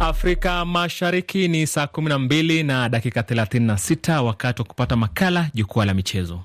Afrika Mashariki ni saa 12 na dakika 36, wakati wa kupata makala jukwaa la michezo.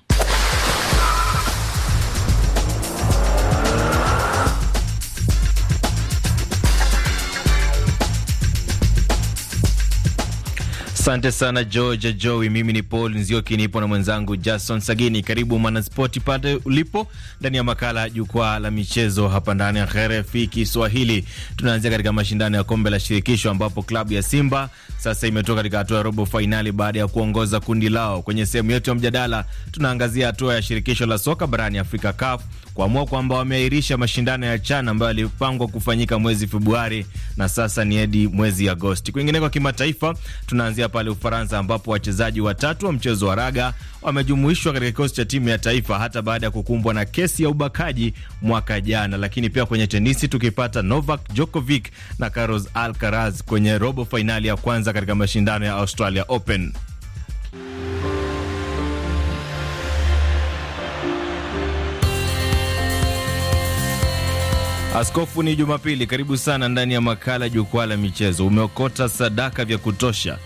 Asante sana George Joey. Mimi ni Paul Nzioki, nipo na mwenzangu Jason Sagini. Karibu mwanaspoti pale ulipo ndani ya makala ya jukwaa la michezo hapa ndani ya RFI Kiswahili. Tunaanzia katika mashindano ya kombe la shirikisho ambapo klabu ya Simba sasa imetoka katika hatua ya robo fainali baada ya kuongoza kundi lao. Kwenye sehemu yetu ya mjadala, tunaangazia hatua ya shirikisho la soka barani Afrika, CAF kuamua kwamba wameahirisha mashindano ya CHAN ambayo yalipangwa kufanyika mwezi Februari na sasa ni hadi mwezi Agosti. Kwingineko kimataifa, tunaanzia pale Ufaransa ambapo wachezaji watatu wa mchezo wa raga wamejumuishwa katika kikosi cha timu ya taifa hata baada ya kukumbwa na kesi ya ubakaji mwaka jana. Lakini pia kwenye tenisi tukipata Novak Djokovic na Carlos Alcaraz kwenye robo fainali ya kwanza katika mashindano ya Australia Open. Askofu, ni Jumapili. Karibu sana ndani ya makala Jukwaa la Michezo. Umeokota sadaka vya kutosha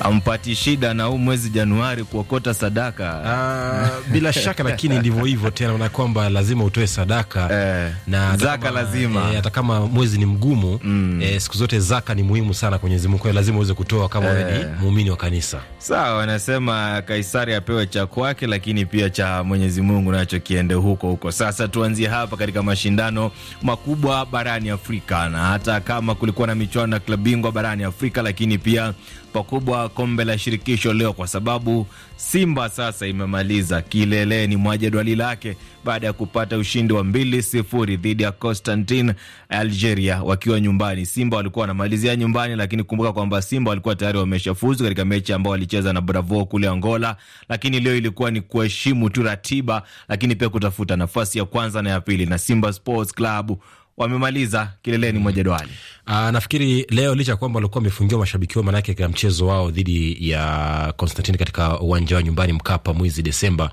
ampati shida na huu mwezi Januari kuokota sadaka Uh, bila shaka lakini ndivyo hivyo tena, na kwamba lazima utoe sadaka eh, na zaka lazima eh, hata kama mwezi ni mgumu mm. eh, siku zote zaka ni muhimu sana kwa Mwenyezi Mungu, lazima uweze kutoa kama eh, ni muumini wa kanisa. Sawa, wanasema Kaisari apewe cha kwake, lakini pia cha Mwenyezi Mungu nacho kiende huko huko. Sasa tuanzie hapa katika mashindano makubwa barani Afrika, na hata kama kulikuwa na michuano ya klabu bingwa barani Afrika, lakini pia pakubwa kombe la shirikisho leo, kwa sababu Simba sasa imemaliza kileleni mwa jedwali lake baada ya kupata ushindi wa mbili sifuri dhidi ya Constantine Algeria wakiwa nyumbani. Simba walikuwa wanamalizia nyumbani, lakini kumbuka kwamba Simba walikuwa tayari wameshafuzu katika mechi ambao walicheza na Bravo kule Angola, lakini leo ilikuwa ni kuheshimu tu ratiba, lakini pia kutafuta nafasi ya kwanza na ya pili, na Simba Sports Club wamemaliza kileleni mwa jedwali. Uh, nafikiri leo licha ya kwamba walikuwa wamefungiwa mashabiki wao, maanake katika mchezo wao dhidi ya Konstantini katika uwanja wao nyumbani Mkapa mwezi Desemba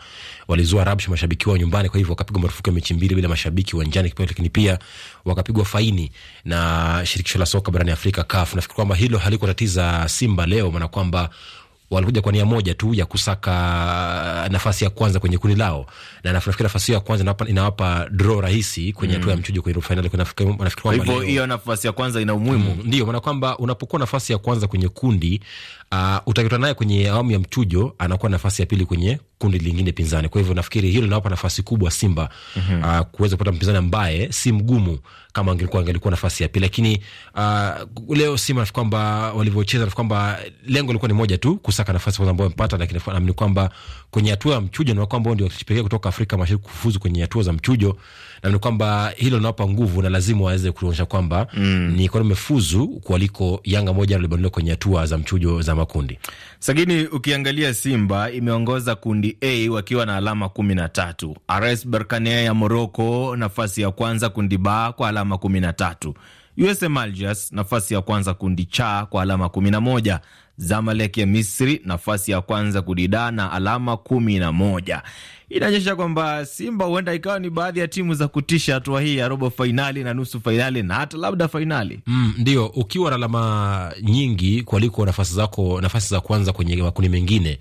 walizua rabsha mashabiki wao nyumbani, kwa hivyo wakapigwa marufuku ya mechi mbili bila mashabiki uwanjani, lakini pia wakapigwa faini na shirikisho la soka barani Afrika, CAF. Nafikiri kwamba hilo halikutatiza Simba leo, maana kwamba walikuja kwa nia moja tu ya kusaka nafasi ya kwanza kwenye kundi lao, na nafikiri nafasi hiyo ya kwanza inawapa draw rahisi kwenye hatua mm. ya mchujo kwenye robo fainali. Nafikiri kwamba hiyo nafasi ya kwanza ina umuhimu mm. Ndio maana kwamba unapokuwa nafasi ya kwanza kwenye kundi uh, utakutana naye kwenye awamu ya mchujo, anakuwa nafasi ya pili kwenye kundi lingine pinzani. Kwa hivyo nafikiri hilo linawapa nafasi kubwa Simba mm -hmm. uh, kuweza kupata mpinzani ambaye si mgumu kama angelikuwa angelikuwa nafasi ya pili, lakini uh, leo Simba nafikiri kwamba walivyocheza, nafikiri kwamba lengo lilikuwa ni moja tu, kusaka nafasi kwanza ambayo wamepata, lakini naamini kwamba kwenye hatua ya mchujo na kwamba ndio pekee kutoka Afrika Mashariki kufuzu kwenye hatua za mchujo, naamini kwamba hilo linawapa nguvu na lazima waweze kuonyesha kwamba mm. ni kwa umefuzu kuliko Yanga moja na kwenye hatua za mchujo za makundi. Sagini, ukiangalia Simba imeongoza kundi A wakiwa na alama kumi na tatu. RS Berkane ya Moroko nafasi ya kwanza kundi B kwa alama kumi na tatu. USM nafasi ya kwanza kundi cha kwa alama kumi na moja Zamalek ya Misri nafasi ya kwanza kundi da na alama kumi na moja inaonyesha kwamba Simba huenda ikawa ni baadhi ya timu za kutisha hatua hii ya robo fainali na nusu fainali na hata labda fainali. Mm, ndio ukiwa na alama nyingi kuliko nafasi zako, nafasi za kwanza kwenye makundi mengine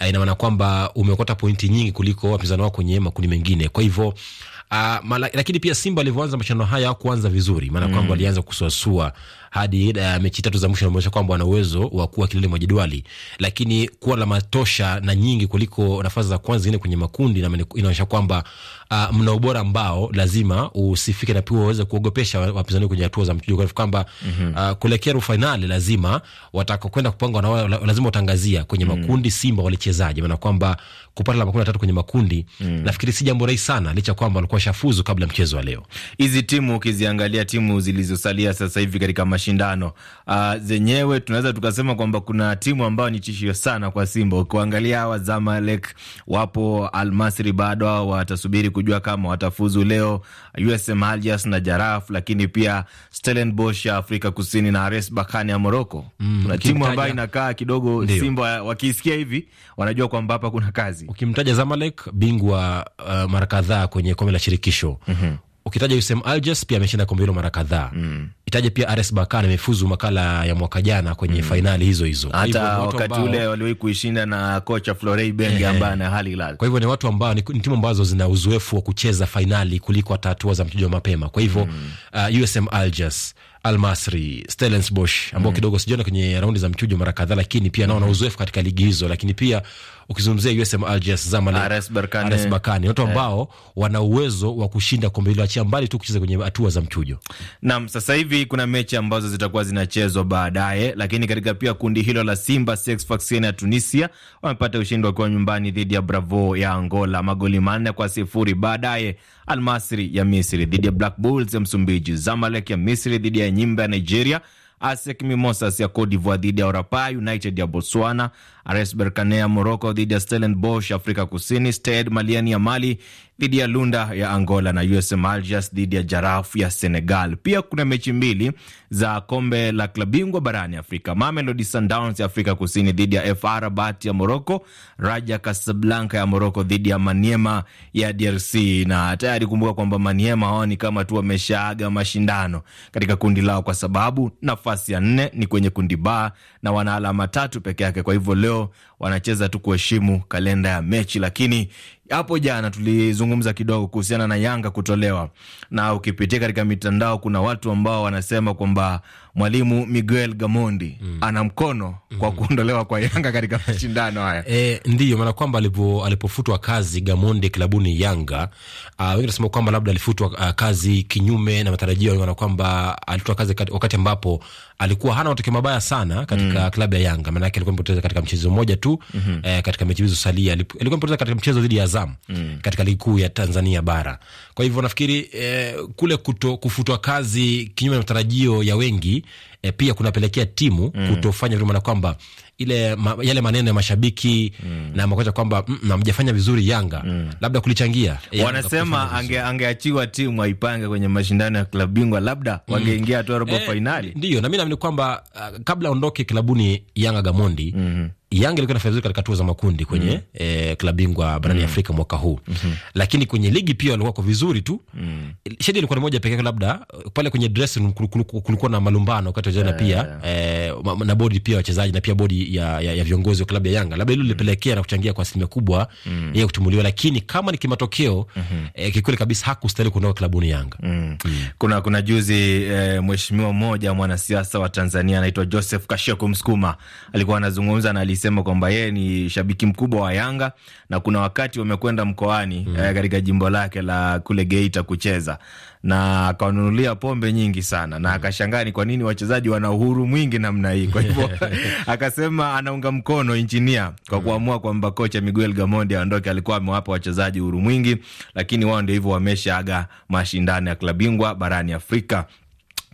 eh, ina maana kwamba umeokota pointi nyingi kuliko wapinzani wao kwenye makundi mengine. Kwa hivyo uh, lakini pia Simba alivyoanza mashindano haya kuanza vizuri, maana mm. kwamba alianza kusuasua hadi uh, mechi tatu za mwisho inaonyesha kwamba wana uwezo wa kuwa kilele mwa jedwali, lakini kuwa alama matosha na nyingi kuliko nafasi za kwanza zingine kwenye makundi inaonyesha kwamba uh, mna ubora ambao lazima usifike na pia waweze kuogopesha wapinzani kwenye hatua za mchujo, kwa kwamba uh, kuelekea robo fainali lazima watakokwenda kupanga na lazima utangazia kwenye mm -hmm. makundi Simba walichezaje, maana kwamba kupata alama kumi na tatu kwenye makundi mm -hmm. nafikiri si jambo rahisi sana, licha kwamba walikuwa shafuzu kabla mchezo wa leo. Hizi timu ukiziangalia, timu zilizosalia sasa hivi katika mashindano uh, zenyewe tunaweza tukasema kwamba kuna timu ambayo ni tishio sana kwa Simba. Ukiangalia hawa Zamalek wapo, Almasri bado hao watasubiri kujua kama watafuzu leo, USM Aljas na Jaraf, lakini pia Stellenbosch ya Afrika Kusini na res Bakani ya Moroko. Mm, kuna timu ambayo inakaa kidogo Ndiyo. Simba wakiisikia hivi wanajua kwamba hapa kuna kazi. Ukimtaja Zamalek bingwa uh, mara kadhaa kwenye kombe la shirikisho mm -hmm ukitaja Usem Alges pia ameshinda kombe hilo mara kadhaa mm. Itaje pia RS bakan amefuzu makala ya mwaka jana kwenye mm. fainali hizo hizo, hata wakati ule waliwahi kuishinda na kocha Florei Bengi yeah. ambaye na Al Hilal. Kwa hivyo ni watu ambao ni timu ambazo zina uzoefu wa kucheza fainali kuliko hata hatua za mchujo mapema. Kwa hivyo mm. uh, USM Alges Almasri, Stellenbosch ambao mm, kidogo sijaona kwenye raundi za mchujo mara kadhaa, lakini pia naona mm, uzoefu katika ligi hizo. Lakini pia ukizungumzia USM Alger, Zamalek, ah, RS Berkane, RS Berkane watu eh. ambao yeah, wana uwezo wa kushinda kombe hilo, achia mbali tu kucheza kwenye hatua za mchujo. Naam, sasa hivi kuna mechi ambazo zitakuwa zinachezwa baadaye, lakini katika pia kundi hilo la Simba CX Sfaxien ya Tunisia wamepata ushindi wakiwa nyumbani dhidi ya Bravo ya Angola magoli manne kwa sifuri. Baadaye Almasri ya Misri dhidi ya Black Bulls ya Msumbiji, Zamalek ya Misri dhidi ya nyimba ya Nigeria, ASEC Mimosas ya Cote d'Ivoire dhidi ya Orapa United ya Botswana, RS Berkane ya Morocco dhidi ya Stellenbosch Afrika Kusini, Stade Maliani ya Mali, dhidi ya Lunda ya Angola na USM Algiers dhidi ya Jaraf ya Senegal. Pia kuna mechi mbili za kombe la klabingwa barani Afrika, Mamelodi Sundowns ya Afrika Kusini dhidi ya FAR Rabat ya Moroko, Raja Kasablanka ya Moroko dhidi ya Maniema ya DRC. Na tayari kumbuka kwamba Maniema hao ni kama tu wameshaaga mashindano katika kundi lao, kwa sababu nafasi ya nne ni kwenye kundi ba na wana alama tatu peke yake, kwa hivyo leo wanacheza tu kuheshimu kalenda ya mechi. Lakini hapo jana tulizungumza kidogo kuhusiana na Yanga kutolewa, na ukipitia katika mitandao kuna watu ambao wanasema kwamba mwalimu Miguel Gamondi mm. ana mkono mm. kwa mm-hmm. kuondolewa kwa Yanga katika mashindano haya e, ndiyo maana kwamba alipofutwa kazi Gamondi klabuni Yanga, uh, wengi nasema kwamba labda alifutwa uh, kazi kinyume na matarajio, na kwamba alifutwa kazi wakati ambapo alikuwa hana matokeo mabaya sana katika mm. klabu ya Yanga, maanake alikuwa amepoteza katika mchezo mmoja tu mm -hmm. eh, katika mechi hizo salia alikuwa amepoteza katika mchezo dhidi ya Azam mm. katika ligi kuu ya Tanzania bara. Kwa hivyo nafikiri eh, kule kuto, kufutwa kazi kinyume na matarajio ya wengi e, pia kunapelekea timu mm. kutofanya vile, maana kwamba ile ma, yale maneno ya mashabiki mm. na makocha kwamba hamjafanya vizuri Yanga mm. labda kulichangia e, wanasema ange, angeachiwa timu aipange kwenye mashindano ya klabu bingwa labda mm. wangeingia tu robo e, eh, fainali. Ndio na mimi naamini kwamba uh, kabla aondoke klabuni Yanga Gamondi mm -hmm Yanga ilikuwa inafanya vizuri katika hatua za makundi kwenye mm. eh, klabu bingwa barani mm. Afrika mwaka huu mm -hmm. Lakini kwenye ligi pia walikuwa wako vizuri tu mm. shedi ilikuwa ni moja pekee, labda eh, pale kwenye dressing kulikuwa na malumbano kati ya vijana yeah, pia yeah. Eh, na bodi pia wachezaji na pia bodi ya, ya, ya viongozi wa klabu ya Yanga, labda hilo mm. lilipelekea mm. na kuchangia kwa asilimia kubwa mm. yeye kutumuliwa, lakini kama ni kimatokeo mm -hmm. eh, kikweli kabisa hakustahili kuondoka klabuni Yanga mm. Mm. Kuna, kuna juzi eh, mheshimiwa mmoja mwanasiasa wa Tanzania anaitwa Joseph Kasheku Msukuma alikuwa anazungumza na akisema kwamba yeye ni shabiki mkubwa wa Yanga na kuna wakati wamekwenda mkoani mm. eh, katika jimbo lake la kule Geita kucheza na akawanunulia pombe nyingi sana na mm. akashangaa ni kwa nini wachezaji wana uhuru mwingi namna hii. Kwa hivyo akasema anaunga mkono injinia kwa mm. kuamua kwamba kocha Miguel Gamondi aondoke. Alikuwa amewapa wachezaji uhuru mwingi, lakini wao ndio hivyo wameshaaga mashindano ya klabu bingwa barani Afrika.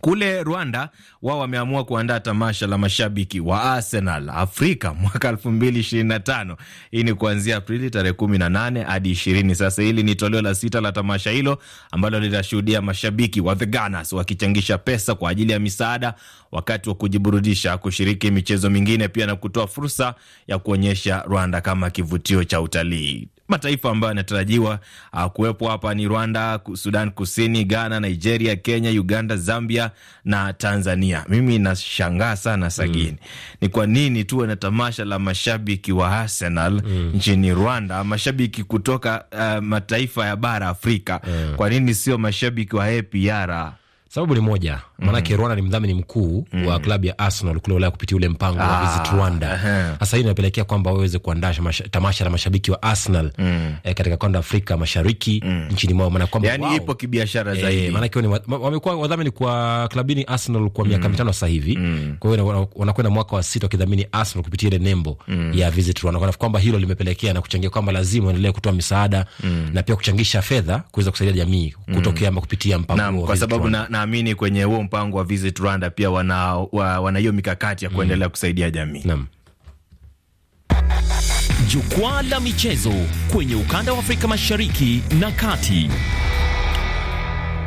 Kule Rwanda wao wameamua kuandaa tamasha la mashabiki wa Arsenal Afrika mwaka 2025. Hii ni kuanzia Aprili tarehe 18 hadi 20. Sasa hili ni toleo la sita la tamasha hilo ambalo litashuhudia mashabiki wa The Gunners wakichangisha pesa kwa ajili ya misaada, wakati wa kujiburudisha, kushiriki michezo mingine pia na kutoa fursa ya kuonyesha Rwanda kama kivutio cha utalii. Mataifa ambayo yanatarajiwa uh, kuwepo hapa ni Rwanda, Sudan Kusini, Ghana, Nigeria, Kenya, Uganda, Zambia na Tanzania. Mimi nashangaa sana Sagini, mm. ni kwa nini tuwe na tamasha la mashabiki wa Arsenal mm. nchini Rwanda, mashabiki kutoka uh, mataifa ya bara Afrika mm. kwa nini sio mashabiki wa APR sababu ni moja maanake mm. Rwanda ni mdhamini mkuu mm. wa klabu ya Arsenal kule Ulaya kupitia ule mpango ah, wa Visit Rwanda. Sasa hii inapelekea kwamba waweze kuandaa tamasha la mashabiki wa Arsenal mm. eh, katika kanda Afrika Mashariki mm. nchini mwao, maana kwamba yani wow, ipo kibiashara eh, zaidi eh, maanake wamekuwa wadhamini kwa klabini Arsenal kwa miaka mm. mitano sasa hivi mm. kwa hiyo wanakwenda mwaka wa sita wakidhamini Arsenal kupitia ile nembo mm. ya Visit Rwanda, kwa kwamba hilo limepelekea na kuchangia kwamba lazima waendelee kutoa misaada mm. na pia kuchangisha fedha kuweza kusaidia jamii kutokea mm. kupitia mpango na, kwa sababu na, na naamini kwenye huo mpango wa Visit Rwanda pia wana hiyo wana mikakati ya kuendelea kusaidia jamii Jukwaa la michezo kwenye ukanda wa Afrika Mashariki na Kati.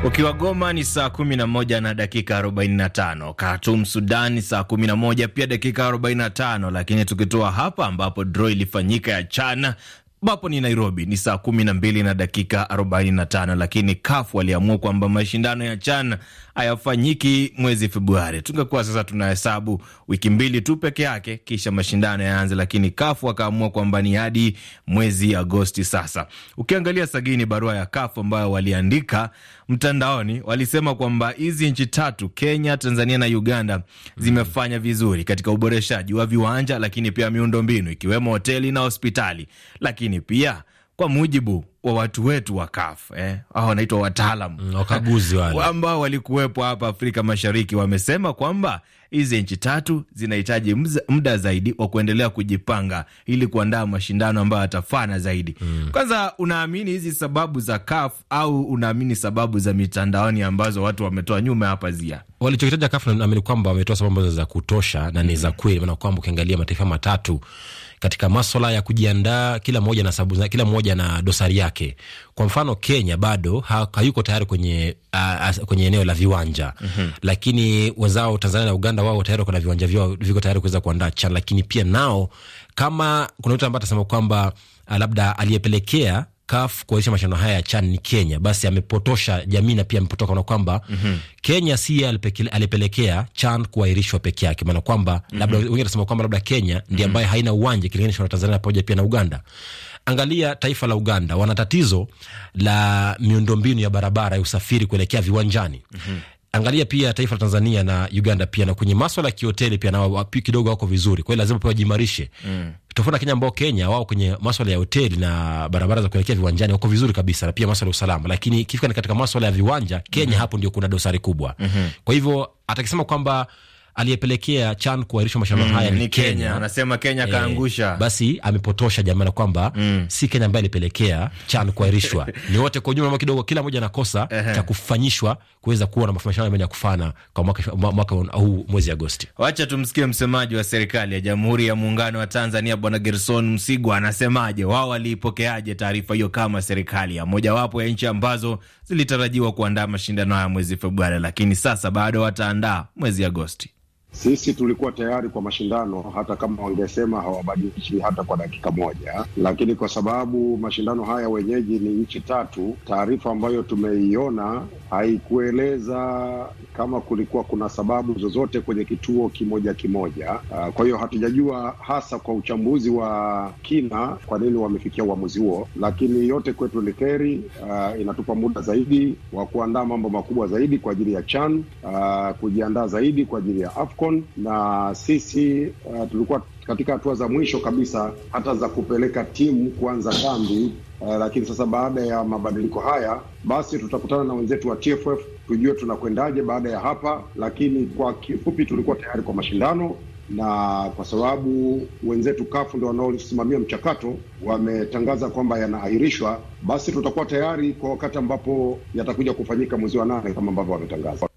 Ukiwa Goma ni saa 11 na dakika 45, Khartoum Sudan ni saa 11 pia dakika 45, lakini tukitoa hapa ambapo draw ilifanyika ya chana ambapo ni Nairobi ni saa kumi na mbili na dakika arobaini na tano lakini kafu waliamua kwamba mashindano ya CHAN hayafanyiki mwezi Februari. Tungekuwa sasa tunahesabu wiki mbili tu peke yake kisha mashindano yaanze, lakini kafu wakaamua kwamba ni hadi mwezi Agosti. Sasa ukiangalia sagini barua ya kafu ambayo waliandika mtandaoni, walisema kwamba hizi nchi tatu Kenya, Tanzania na Uganda zimefanya vizuri katika uboreshaji wa viwanja, lakini pia miundombinu ikiwemo hoteli na hospitali lakini lakini pia kwa mujibu wa watu wetu wa CAF eh, hao wanaitwa wataalam mm, wakaguzi wale ambao walikuwepo hapa Afrika Mashariki, wamesema kwamba hizi nchi tatu zinahitaji muda zaidi wa kuendelea kujipanga ili kuandaa mashindano ambayo yatafana zaidi mm. Kwanza, unaamini hizi sababu za CAF au unaamini sababu za mitandaoni ambazo watu wametoa nyuma hapa zia walichokitaja CAF? Naamini kwamba wametoa sababu za kutosha na ni za mm. kweli, maana kwamba ukiangalia mataifa matatu katika maswala ya kujiandaa, kila mmoja na sabu, kila mmoja na dosari yake. Kwa mfano Kenya bado hayuko tayari kwenye, a, a, kwenye eneo la viwanja mm -hmm. Lakini wenzao Tanzania na Uganda wao tayari kuna viwanja vyao viko tayari kuweza kuandaa CHAN, lakini pia nao kama kuna mtu ambaye atasema kwamba labda aliyepelekea CAF kuanzisha mashindano haya ya CHAN ni Kenya, basi amepotosha jamii na pia amepotoka na kwamba mm -hmm. Kenya si alipelekea CHAN kuahirishwa peke yake, maana kwamba mm -hmm. labda wengine wanasema kwamba labda Kenya ndiye mhm. ambaye haina uwanja kilinganishwa na Tanzania pamoja pia na Uganda. Angalia taifa la Uganda, wana tatizo la miundombinu ya barabara ya usafiri kuelekea viwanjani mm -hmm angalia pia taifa la Tanzania na Uganda pia na kwenye maswala ya kihoteli pia na kidogo wako vizuri, kwa hiyo lazima pia wajimarishe mm. Tofauti na Kenya ambao Kenya wao kwenye maswala ya hoteli na barabara za kuelekea viwanjani wako vizuri kabisa, na pia maswala ya usalama, lakini ikifika katika maswala ya viwanja Kenya mm -hmm. hapo ndio kuna dosari kubwa mm -hmm. kwa hivyo atakisema kwamba aliyepelekea CHAN kuahirishwa mashindano mm, haya ni Kenya. Anasema Kenya eh, kaangusha. E, basi amepotosha jamaa na kwamba mm, si Kenya ambaye alipelekea CHAN kuahirishwa ni wote kwa ujumla kidogo, kila mmoja na kosa cha kufanyishwa kuweza kuwa na mashindano ya kufana kwa mwaka, mwaka huu mwezi Agosti. Wacha tumsikie msemaji wa serikali ya Jamhuri ya Muungano wa Tanzania Bwana Gerson Msigwa anasemaje, wao waliipokeaje taarifa hiyo kama serikali ya mojawapo ya nchi ambazo zilitarajiwa kuandaa mashindano haya mwezi Februari, lakini sasa bado wataandaa mwezi Agosti. Sisi tulikuwa tayari kwa mashindano, hata kama wangesema hawabadilishi hata kwa dakika moja, lakini kwa sababu mashindano haya wenyeji ni nchi tatu, taarifa ambayo tumeiona haikueleza kama kulikuwa kuna sababu zozote kwenye kituo kimoja kimoja. Ah, kwa hiyo hatujajua hasa kwa uchambuzi wa kina kwa nini wamefikia uamuzi huo, lakini yote kwetu ni keri Uh, ah, inatupa muda zaidi wa kuandaa mambo makubwa zaidi kwa ajili ya CHAN, uh, kujiandaa zaidi kwa ajili ya Afrika. AFCON na sisi uh, tulikuwa katika hatua za mwisho kabisa hata za kupeleka timu kuanza kambi uh, lakini sasa baada ya mabadiliko haya basi tutakutana na wenzetu wa TFF tujue tunakwendaje baada ya hapa, lakini kwa kifupi tulikuwa tayari kwa mashindano na kwa sababu wenzetu kafu ndo wanaosimamia mchakato wametangaza kwamba yanaahirishwa, basi tutakuwa tayari kwa wakati ambapo yatakuja kufanyika mwezi wa nane kama ambavyo wametangaza.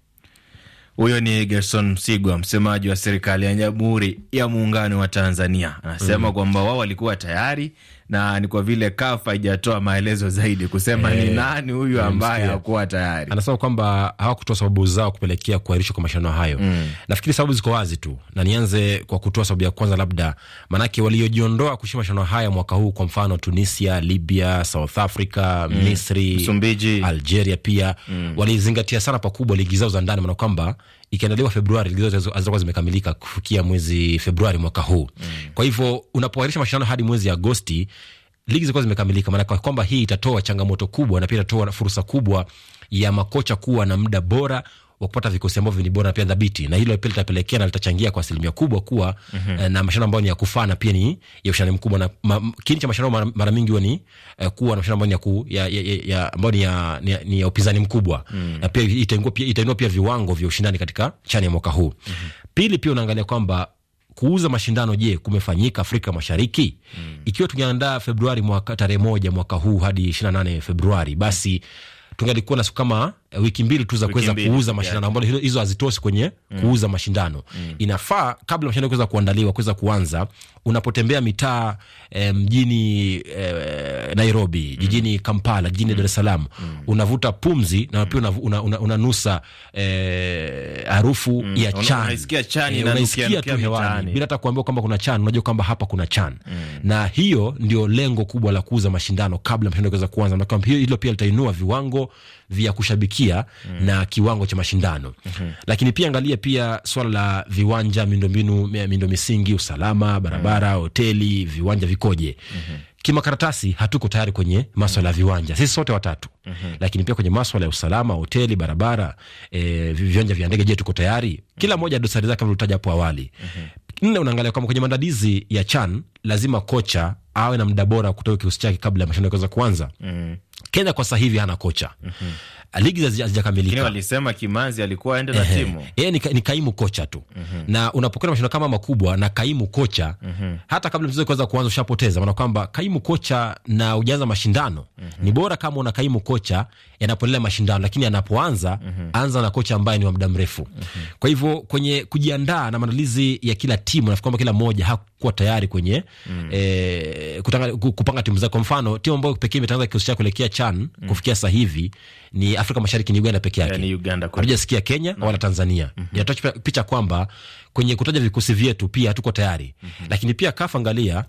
Huyo ni Gerson Msigwa, msemaji wa serikali ya Jamhuri ya Muungano wa Tanzania, anasema mm, kwamba wao walikuwa tayari na ni kwa vile CAF haijatoa maelezo zaidi kusema hey, ni eh, nani huyu ambaye hakuwa tayari. Anasema kwamba hawakutoa sababu zao kupelekea kuahirishwa kwa mashindano hayo mm. Nafikiri sababu ziko wazi tu, na nianze kwa kutoa sababu ya kwanza, labda maanake waliojiondoa kushia mashindano haya mwaka huu, kwa mfano Tunisia, Libya, South Africa mm. Misri, Msumbiji, Algeria pia mm. walizingatia sana pakubwa ligi zao za ndani, maana kwamba ikiandaliwa Februari, ligizo zitakuwa zimekamilika kufikia mwezi Februari mwaka huu mm. Kwa hivyo unapoahirisha mashindano hadi mwezi Agosti ligi zikuwa zimekamilika, maanake kwamba hii itatoa changamoto kubwa na pia itatoa fursa kubwa ya makocha kuwa na muda bora wa kupata vikosi ambavyo ni bora pia dhabiti, na hilo pia litapelekea na litachangia kwa asilimia kubwa kuwa mm -hmm. na mashindano ambayo ni ya kufaa na pia ni ya ushindani mkubwa, na ma, kiini cha mashindano mara mingi huwa ni eh, kuwa na mashindano ambayo ni ya, ya, ya, ya, ambayo ni ya, ni, ni ya upinzani mkubwa mm -hmm. na pia itainua pia, itainua pia viwango vya ushindani katika chani ya mwaka huu mm -hmm. Pili pia unaangalia kwamba kuuza mashindano je, kumefanyika Afrika Mashariki? mm. Ikiwa tungeandaa Februari mwaka tarehe moja mwaka huu hadi ishirini na nane Februari, basi mm. tungelikuwa na siku kama Eh, wiki mbili tu za kuweza kuuza mashindano ambayo yeah. hizo hazitoshi kwenye mm. kuuza mashindano mm. inafaa kabla mashindano kuweza kuandaliwa kuweza kuanza, unapotembea mitaa eh, mjini eh, Nairobi mm. jijini Kampala jijini mm. Dar es Salaam mm. unavuta pumzi na pia mm. una, una, una, una eh, harufu mm. ya chan, unaisikia chan eh, unaisikia tu hewani bila hata kuambia kwamba kuna chan, unajua kwamba hapa kuna chan mm. na hiyo ndio lengo kubwa la kuuza mashindano kabla mashindano kuweza kuanza, na hiyo hilo pia litainua viwango vya kushabikia mm. na kiwango cha mashindano mm -hmm. Lakini pia angalia pia swala la viwanja, miundombinu, miundo misingi, usalama, barabara mm -hmm. hoteli, viwanja vikoje? mm -hmm. Kimakaratasi hatuko tayari kwenye maswala ya mm-hmm. viwanja sisi sote watatu mm -hmm. Lakini pia kwenye maswala ya usalama, hoteli, barabara, e, viwanja vya ndege, je, tuko tayari? Mm-hmm. Kila moja dosari zake kama hapo awali mm -hmm. Nne, unaangalia kwamba kwenye maandalizi ya CHAN lazima kocha awe na mda bora kutoka kikosi chake kabla ya mashindano kuanza mm -hmm Kenya kwa sasa hivi hana kocha mm -hmm. Ligi hazijakamilika. Walisema Kimanzi alikuwa aende na timu yeye ni, ni kaimu kocha tu mm -hmm. na unapokwenda mashindano kama makubwa na kaimu kocha mm -hmm. hata kabla mchezo kuweza kuanza ushapoteza, maana kwamba kaimu kocha na ujaanza mashindano mm -hmm. ni bora kama una kaimu kocha yanapoendelea mashindano, lakini anapoanza mm -hmm. anza na kocha ambaye ni wa muda mrefu mm -hmm. kwa hivyo kwenye kujiandaa na maandalizi ya kila timu nafikiri kwamba kila mmoja kuwa tayari kwenye mm. e, kutanga, kupanga timu zao. Kwa mfano timu ambayo pekee imetangaza kikosi chao kuelekea CHAN mm. kufikia sasa hivi ni Afrika Mashariki ni Uganda peke yake, hatujasikia yeah, Kenya no. Mm. wala Tanzania mm -hmm. inatoa picha kwamba kwenye kutaja vikosi vyetu pia tuko tayari mm -hmm. lakini pia kafa angalia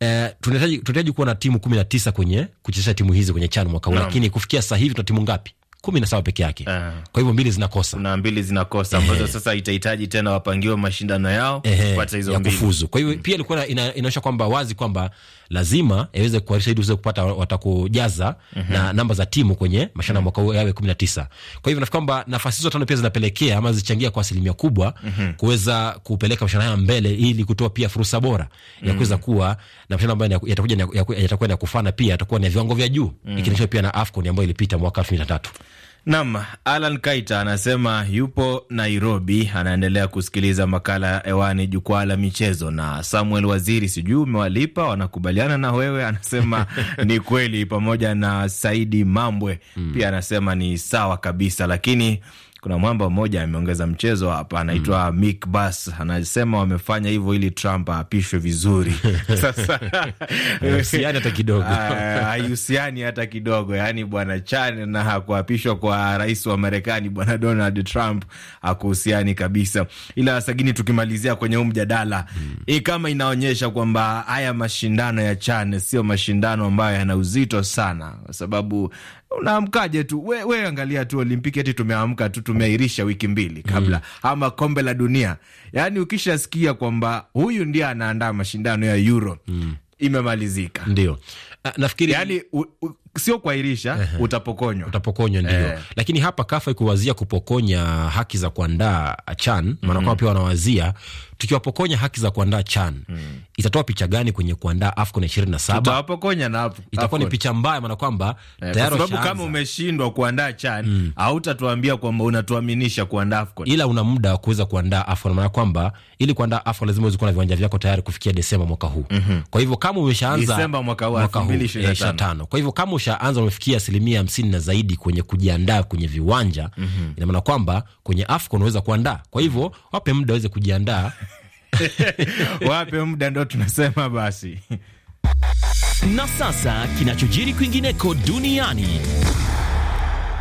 Uh, tunahitaji tunahitaji kuwa na timu kumi na tisa kwenye kuchezesha timu hizi kwenye CHAN mwaka huu, no. lakini kufikia sasa hivi tuna timu ngapi? kumi na saba peke yake. Eh. Kwa hivyo mbili zinakosa na mbili zinakosa ambazo sasa itahitaji tena wapangiwe mashindano yao kupata hizo ya kufuzu. Kwa hivyo mm. pia ilikuwa inaonyesha kwamba wazi kwamba lazima yaweze kuarisha ili uweze kupata watakujaza mm -hmm. na namba za timu kwenye mashana mm -hmm. mwaka huu yawe kumi na tisa. Kwa hivyo nafikiri kwamba nafasi hizo tano pia zinapelekea ama zichangia kwa asilimia kubwa mm -hmm. kuweza kupeleka mashana haya mbele ili kutoa pia fursa bora ya mhm. kuweza kuwa na mashana ambayo yatakuja yatakuwa ya kufana pia yatakuwa na viwango vya juu mm -hmm. ikilinganishwa pia na AFCON ambayo ilipita mwaka elfu mbili na tatu. Nam Alan Kaita anasema yupo Nairobi, anaendelea kusikiliza makala hewani, jukwaa la michezo. Na Samuel Waziri, sijui umewalipa wanakubaliana na wewe, anasema ni kweli, pamoja na Saidi Mambwe mm. pia anasema ni sawa kabisa, lakini kuna mwamba mmoja ameongeza mchezo hapa, anaitwa mm. Mick Bass, anasema wamefanya hivyo ili Trump aapishwe vizuri. Sasa haihusiani hata kidogo, ah, haihusiani hata kidogo. Yani bwana Chan na hakuapishwa kwa rais wa Marekani bwana Donald Trump hakuhusiani kabisa. Ila Sagini, tukimalizia kwenye huu mjadala mm. hii kama inaonyesha kwamba haya mashindano ya Chan sio mashindano ambayo yana uzito sana, kwa sababu unaamkaje tu we, we angalia tu Olimpiki ati tumeamka tu tumeairisha wiki mbili kabla mm. ama kombe la dunia, yaani ukishasikia kwamba huyu ndiye anaandaa mashindano ya Euro mm. imemalizika, ndio ah, nafikiri yaani sio kuahirisha. uh -huh. Utapokonywa, utapokonywa ndio. eh. Lakini hapa kafa ikuwazia kupokonya haki za kuandaa CHAN maana mm -hmm. pia wanawazia tukiwapokonya haki za kuandaa CHAN mm. itatoa picha gani kwenye kuandaa AFCON ishirini na saba? Tutawapokonya na hapo itakuwa ni picha mbaya, maana kwamba eh, tayari sababu kama umeshindwa kuandaa CHAN mm. hautatuambia kwamba unatuaminisha kuandaa AFCON, ila una muda wa kuweza kuandaa AFCON, maana kwamba ili kuandaa AFCON lazima uweze na viwanja vyako tayari kufikia Desemba mwaka huu mm -hmm. kwa hivyo kama umeshaanza Desemba mwaka huu 2025, eh, kwa hivyo kama ushaanza umefikia asilimia hamsini na zaidi kwenye kujiandaa kwenye viwanja mm -hmm. ina maana kwamba kwenye AFCON unaweza kuandaa, kwa hivyo wape muda waweze kujiandaa wape muda ndo tunasema basi. Na sasa kinachojiri kwingineko duniani.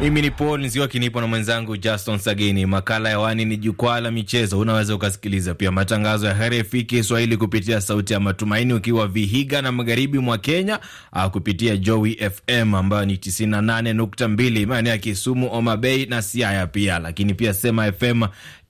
Mimi ni Paul Nziwa kinipo na mwenzangu Justin Sagini. Makala ya wani ni jukwaa la michezo. Unaweza ukasikiliza pia matangazo ya RFI Kiswahili kupitia Sauti ya Matumaini ukiwa Vihiga na magharibi mwa Kenya, au kupitia Joy FM ambayo ni 98.2 maeneo ya Kisumu, Omabei na Siaya pia, lakini pia Sema FM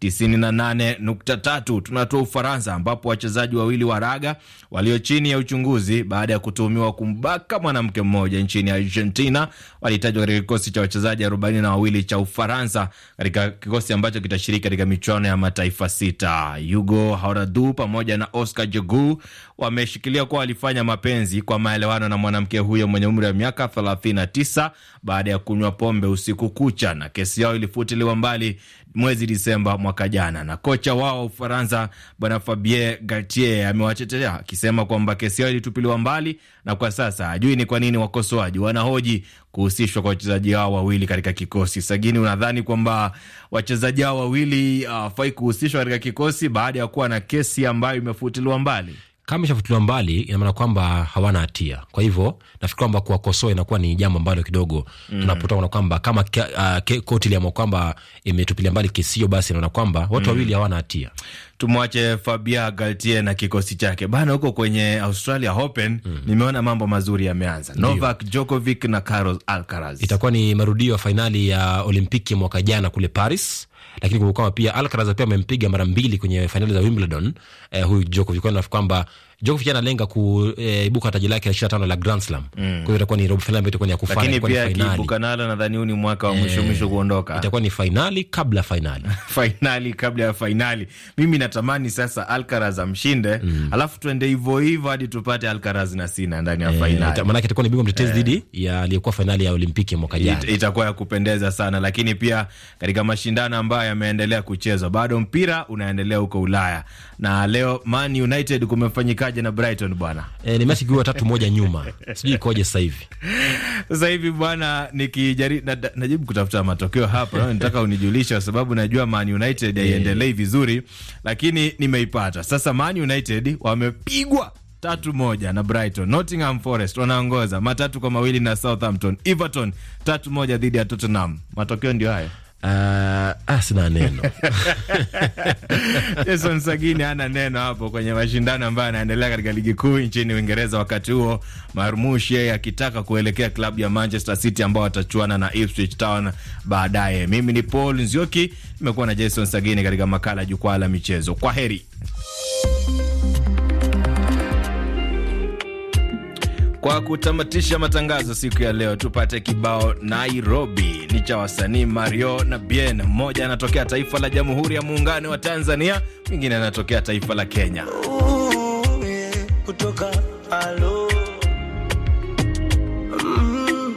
98.3. Tunatua Ufaransa, ambapo wachezaji wawili wa raga walio chini ya uchunguzi baada ya kutuhumiwa kumbaka mwanamke mmoja nchini Argentina walitajwa katika kikosi cha wachezaji arobaini na wawili cha Ufaransa katika kikosi ambacho kitashiriki katika michuano ya mataifa sita. Hugo Haradu pamoja na Oscar Jegu wameshikilia kuwa walifanya mapenzi kwa maelewano na mwanamke huyo mwenye umri wa miaka 39 baada ya kunywa pombe usiku kucha, na kesi yao ilifutiliwa mbali mwezi Disemba mwaka jana, na kocha wao wa Ufaransa bwana Fabien Galtier amewatetea akisema kwamba kesi yao ilitupiliwa mbali na kwa sasa hajui ni kwa nini wakosoaji wanahoji kuhusishwa kwa wachezaji hao wawili katika kikosi. Sagini, unadhani kwamba wachezaji hao wawili ah, hawafai uh, kuhusishwa katika kikosi baada ya kuwa na kesi ambayo imefutiliwa mbali? kama ishafutuliwa mbali, ina maana kwamba hawana hatia. Kwa hivyo nafikiri kwamba kuwakosoa inakuwa ni jambo ambalo kidogo mm. tunapotoka kwamba kama uh, koti iliamua kwamba imetupilia mbali kesi hiyo, basi inaona kwamba watu mhm. wawili mm. hawana hatia. Tumwache Fabia Galtier na kikosi chake bana. Huko kwenye Australia Open mm. nimeona mambo mazuri yameanza, Novak Djokovic na Carlos Alcaraz. Itakuwa ni marudio ya fainali ya Olimpiki mwaka jana kule Paris lakini kumbukawa pia Alcaraz pia amempiga mara mbili kwenye fainali za Wimbledon eh, huyu Djokovic kwamba Djokovic analenga kuibuka eh, e, taji lake la 25 la Grand Slam. Mm. Kwa hiyo itakuwa ni robo finali ambayo itakuwa ni ya kufana, lakini pia akiibuka nalo nadhani huu ni mwaka wa mwisho eh, mwisho kuondoka. Itakuwa ni finali kabla finali. Finali kabla ya finali. Mimi natamani sasa Alcaraz amshinde, mm. alafu tuende hivyo hivyo hadi tupate Alcaraz na Sina ndani ya e, finali. Maana yake itakuwa ni bingwa mtetezi dhidi ya aliyekuwa finali ya Olimpiki mwaka jana. Itakuwa ya kupendeza sana, lakini pia katika mashindano ambayo yameendelea kuchezwa, bado mpira unaendelea huko Ulaya. Na leo Man United kumefanyika imekuwaje na Brighton bwana? E, ni mechi kiwa tatu moja nyuma, sijui ikoje sasa hivi. Sasa hivi bwana, nikijaribu na, najibu kutafuta matokeo hapa no, nataka unijulisha, kwa sababu najua Man United eh. haiendelei yeah, vizuri, lakini nimeipata sasa. Man United wamepigwa tatu moja na Brighton. Nottingham Forest wanaongoza matatu kwa mawili na Southampton. Everton tatu moja dhidi ya Tottenham. Matokeo ndio hayo. Uh, ah, sina neno Jason Sagini hana neno hapo kwenye mashindano ambayo yanaendelea katika ligi kuu nchini Uingereza, wakati huo Marmush yeye akitaka kuelekea klabu ya Manchester City ambao watachuana na Ipswich Town baadaye. Mimi ni Paul Nzioki, nimekuwa na Jason Sagini katika makala ya jukwaa la michezo. Kwa heri. Kwa kutamatisha matangazo siku ya leo, tupate kibao Nairobi ni cha wasanii Mario na Bien. Mmoja anatokea taifa la Jamhuri ya Muungano wa Tanzania, mwingine anatokea taifa la Kenya. Ooh, yeah, kutoka alo mm,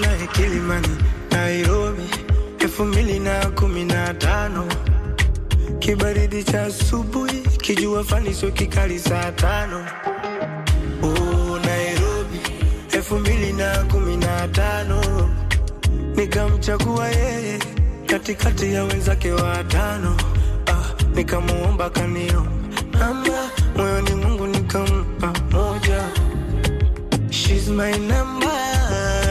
naye Kilimani, Nairobi elfu mbili na kumi na tano kibaridi cha asubuhi, kijua fani sio kikali saa tano oh, nikamchagua yeye katikati ya wenzake watano. Ah, nikamuomba namba moyoni Mungu nikampa moja, she's my number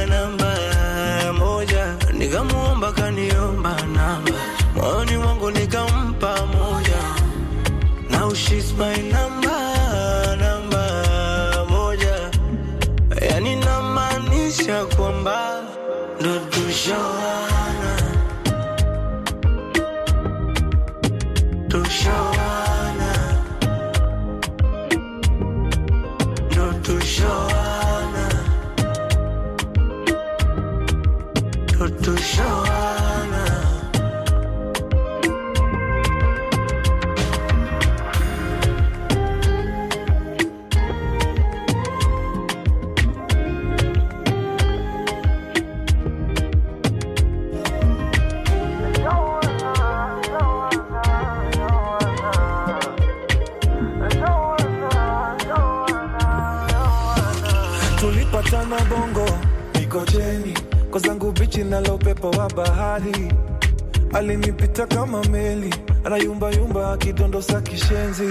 namba moja, nikamuomba kaniomba namba moyoni nikampa moja, now she's my number kuonyesha kwamba ndo tushoa chumba kidondosa kishenzi.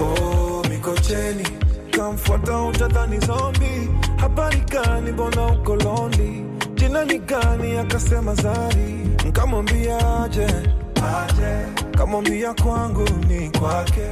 Oh, Mikocheni kamfuata utadhani zombi. Habari gani, mbona uko lonely? Jina ni gani? Akasema Zari. Nkamwambia aje, aje. Kamwambia kwangu ni kwake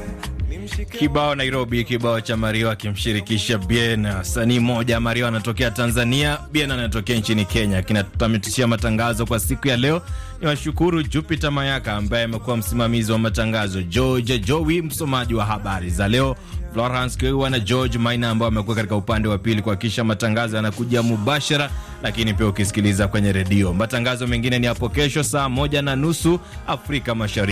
kibao Nairobi, kibao cha Mario akimshirikisha Biena, sanii moja. Mario anatokea Tanzania, Biena anatokea nchini Kenya. Kinatamitishia matangazo kwa siku ya leo. Ni washukuru Jupiter Mayaka ambaye amekuwa msimamizi wa matangazo, George Jowi msomaji wa habari za leo, Florence Kewa na George Maina ambao amekuwa katika upande wa pili kuhakikisha matangazo yanakuja mubashara, lakini pia ukisikiliza kwenye redio. Matangazo mengine ni hapo kesho saa moja na nusu Afrika Mashariki.